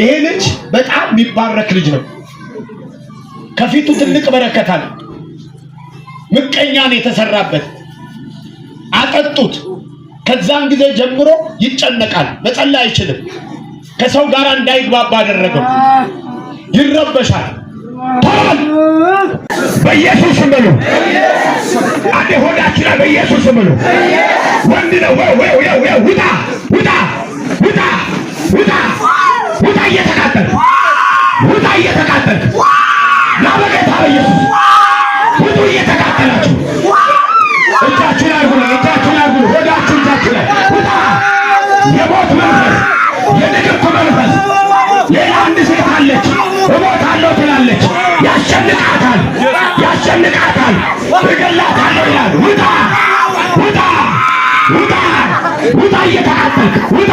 ይሄ ልጅ በጣም የሚባረክ ልጅ ነው። ከፊቱ ትልቅ በረከት አለ። ምቀኛን የተሰራበት አጠጡት። ከዛን ጊዜ ጀምሮ ይጨነቃል፣ መጸለይ አይችልም። ከሰው ጋር እንዳይግባባ አደረገው። ይረበሻል። ተዋል በኢየሱስ ምሉ አንዴ ሆዳችን በኢየሱስ ምሉ ወንድ ነው ውጣ ውጣ እየተቃጠልክ ውጣ እየተቃጠልክ ና በጌታ በኢየሱስ ውጡ እየተቃጠላችሁ እጃችሁ ላይ እጃችሁ ላይ ሆዳችሁ እጃችሁ ላይ ውጣ የሞት መንፈስ የንግርቱ መንፈስ ሌላ አንድ ሴት አለች እሞታለሁ ትላለች ያሸንቃታል ያሸንቃታል እገላታለሁ ይላል ውጣ ውጣ ውጣ ውጣ ውጣ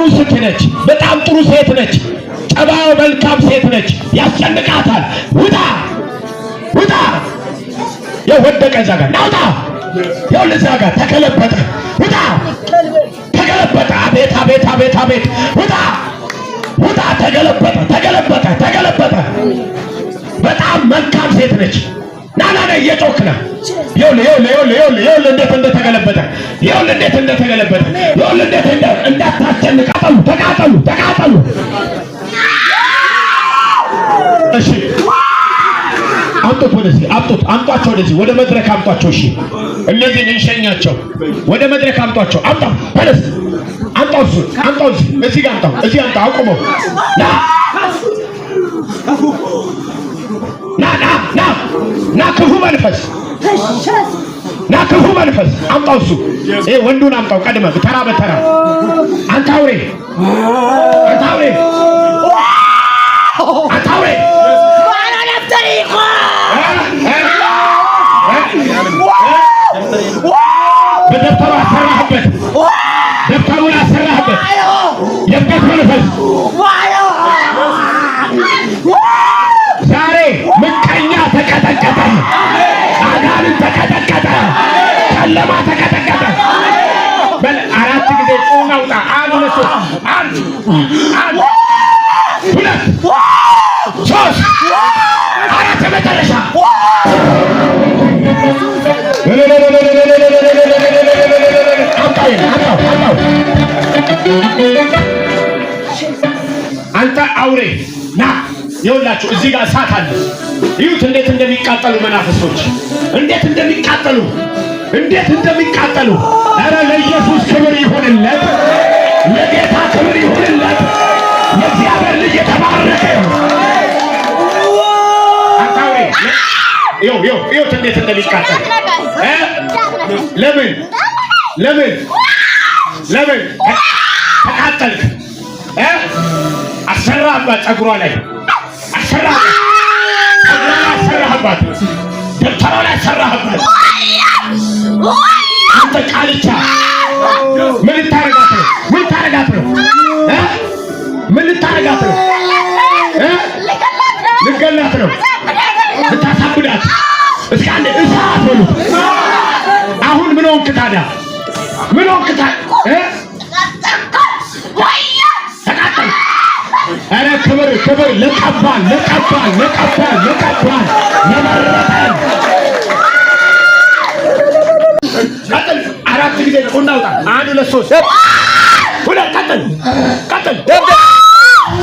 ጥሩ ሴት ነች። በጣም ጥሩ ሴት ነች። ጠባዩ መልካም ሴት ነች። ያስጨንቃታል። ውጣ ውጣ! የወደቀ እዛ ጋር ናውጣ ያው ለዛ ጋር ተገለበጠ። ውጣ! ተገለበጠ። አቤት አቤት አቤት አቤት! ውጣ ውጣ! ተገለበጠ ተገለበጠ ተገለበጠ። በጣም መልካም ሴት ነች። ናና ና እየጮክ ነው። ይኸውልህ ይኸውልህ ይኸውልህ ይኸውልህ እንዴት እንደተገለበጠ ይኸውልህ እንዴት እንደተገለበጠ ይኸውልህ እንዴት እንዳታስጨንቅ። ተቃጠሉ ተቃጠሉ ተቃጠሉ። እሺ አምጡት ወደዚህ አምጡት፣ አምጧቸው ወደዚህ ወደ መድረክ አምጧቸው። እሺ እነዚህን እንሸኛቸው፣ ወደ መድረክ አምጧቸው። አምጣው በለስ አምጣው፣ እሱን አምጣው፣ እዚህ እዚህ ጋር አምጣው፣ እዚህ አምጣው። አቁመው ና ና ና ና ክፉ መንፈስ ና ክፉ መንፈስ አምጣው። እሱ ይሄ ወንዱን አምጣው። ቀድመ ተራ በተራ አንተ አውሬ፣ አንተ አውሬ፣ አንተ አውሬ በደብተሩ አሰራህበት፣ ደብተሩን አሰራህበት። የበት መንፈስ ተቀጠቀጠ፣ አጋንንት ተቀጠቀጠ፣ ጨለማ ተቀጠቀጠ። አራት ጊዜ ጩኸን አውጣ። አንድ አንድ አንድ ሁለት ሶስት አራት መጨረሻ አንተ አውሬ ና! ይኸውላችሁ እዚህ ጋር እሳት አለ። ይዩት እንዴት እንደ እንደሚቃጠሉ መናፍስቶች እንዴት እንደሚቃጠሉ እንዴት እንደሚቃጠሉ። ኧረ ለኢየሱስ ክብር ይሁንለት፣ ለጌታ ክብር ይሁንለት። የእግዚአብሔር ልጅ የተባረከ ይሁት እንዴት እንደሚቃጠል ለምን ለምን ለምን ተቃጠልክ? አሰራባ ጸጉሯ ላይ አሰራባ ደብተራው ላይ ሰራህበት። አንተ ቃልቻ ምን ልታረጋት ነው? ምን ልታረጋት ነው? ምን ልታረጋት ነው? ልገላት ነው? ልታሳብዳት እስከ አንድ እሳት ሆኑ። አሁን ምን ሆንክ ታዲያ? ምን ሆንክ ታዲያ? ኧረ ክብር ክብር ለቀባን ለቀባን ለቀባን ለቀባን ለመረጠን አራት ጊዜ እናውጣ። አንድ ሁለት ሶስት ሁለት ቀጥል ቀጥል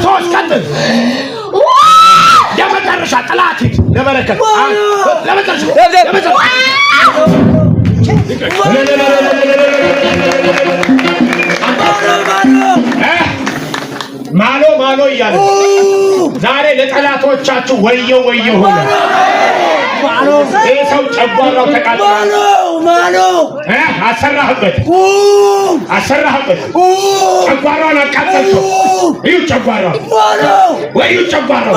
ሶስት ቀጥል የመጨረሻ ጥላት ሂድ ለበረከት ለመጨረሻ ለመጨረሻ ዋሎ እያለ ዛሬ ለጠላቶቻችሁ ወየው ወየው ሆነ። ይህ ሰው ጨጓራው ተቃጥሏል። አሰራህበት፣ አሰራህበት፣ ጨጓራውን አቃጠልከው። እዩ ጨጓራው ወይ ጨጓራው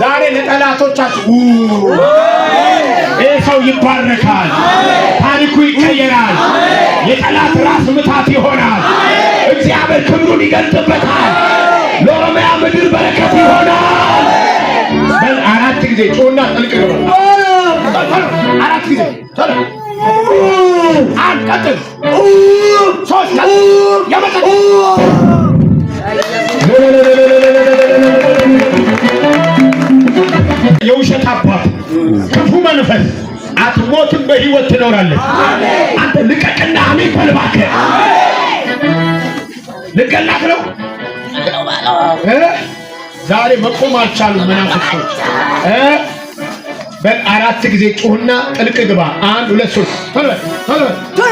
ዛሬ ለጠላቶቻችሁ ይህ ሰው ይባረካል፣ ታሪኩ ይቀየራል፣ የጠላት ራስ ምታት ይሆናል። እግዚአብሔር ክብሩን ይገልጥበታል። ለኦሮሚያ ምድር በረከት ይሆናል። አራት ጊዜ ጮና ጥልቅ አራት ጊዜ አንቀጥል የውሸት አባት ክፉ መንፈስ አትሞትም፣ በህይወት ትኖራለች። አንተ ልቀቅና አሜን በል እባክህ። ልቀላት ነው ዛሬ መቆም አልቻሉም መናፍቆች። በአራት ጊዜ ጩሁና ጥልቅ ግባ። አንድ ሁለት ሶስት